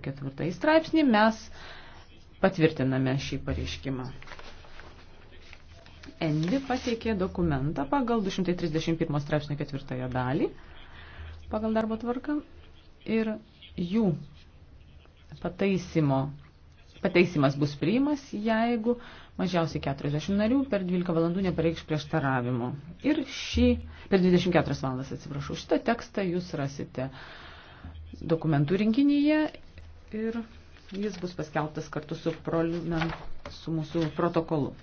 104 straipsnį mes patvirtiname šį pareiškimą. Endi pateikė dokumentą pagal 231 straipsnio ketvirtąją dalį pagal darbo tvarką ir jų pataisimo, pataisimas bus priimas, jeigu mažiausiai 40 narių per 12 valandų nepareikš prieštaravimo. Ir šį, per 24 valandas atsiprašau, šitą tekstą jūs rasite dokumentų rinkinyje ir jis bus paskelbtas kartu su, promen, su mūsų protokolu.